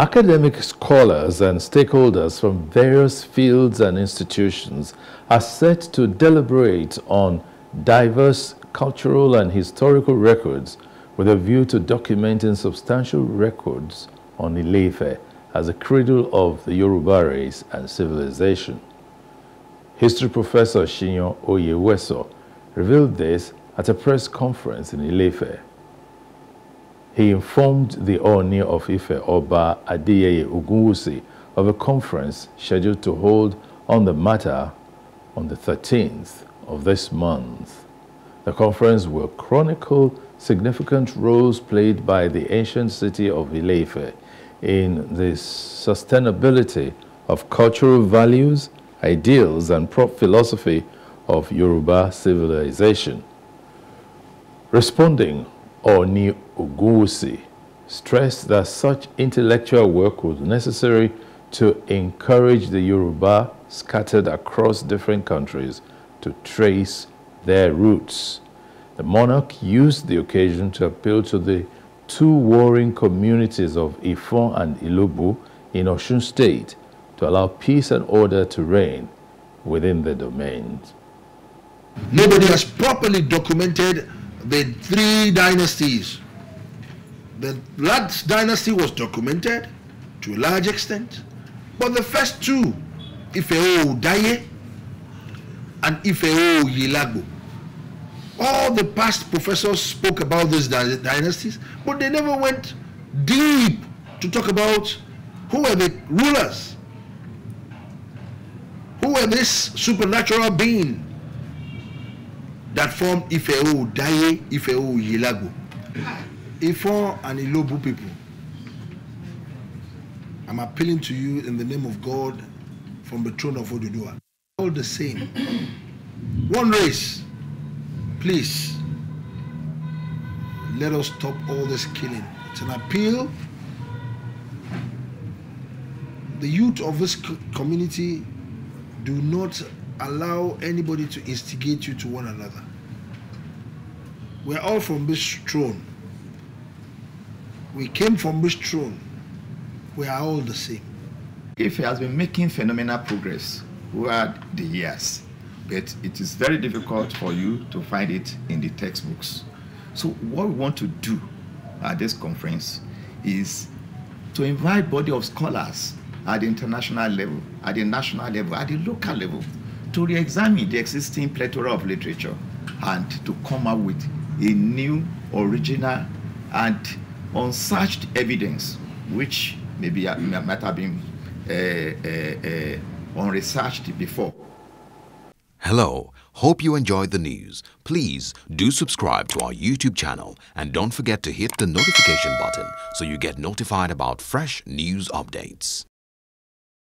Academic scholars and stakeholders from various fields and institutions are set to deliberate on diverse cultural and historical records with a view to documenting substantial records on Ilefe as a cradle of the Yoruba race and civilization. History professor Shinyo Oyeweso revealed this at a press conference in Ilefe he informed the owner of Ife Oba Adiyeye Ugunwusi of a conference scheduled to hold on the matter on the 13th of this month. The conference will chronicle significant roles played by the ancient city of Ileife in the sustainability of cultural values, ideals, and philosophy of Yoruba civilization. Responding Oni Ogusi stressed that such intellectual work was necessary to encourage the Yoruba scattered across different countries to trace their roots. The monarch used the occasion to appeal to the two warring communities of Ifon and Ilubu in Osun State to allow peace and order to reign within the domains. Nobody has properly documented the three dynasties. The last dynasty was documented to a large extent, but the first two, Ifeo Udaye and Ifeo Yilago, all the past professors spoke about these dynasties, but they never went deep to talk about who were the rulers, who were this supernatural being that form Ife O Daye Ife O Yelago. Ifon and Ilobu people, I'm appealing to you in the name of God from the throne of Odudua. All the same, one race, please. Let us stop all this killing. It's an appeal. The youth of this community do not allow anybody to instigate you to one another. We're all from this throne. We came from this throne. We are all the same. If he has been making phenomenal progress over the years, but it is very difficult for you to find it in the textbooks. So what we want to do at this conference is to invite body of scholars at the international level, at the national level, at the local level, to re-examine the existing plethora of literature and to come up with a new, original, and unsearched evidence which maybe uh, might have been uh, uh, uh, unresearched before. Hello, hope you enjoyed the news. Please do subscribe to our YouTube channel and don't forget to hit the notification button so you get notified about fresh news updates.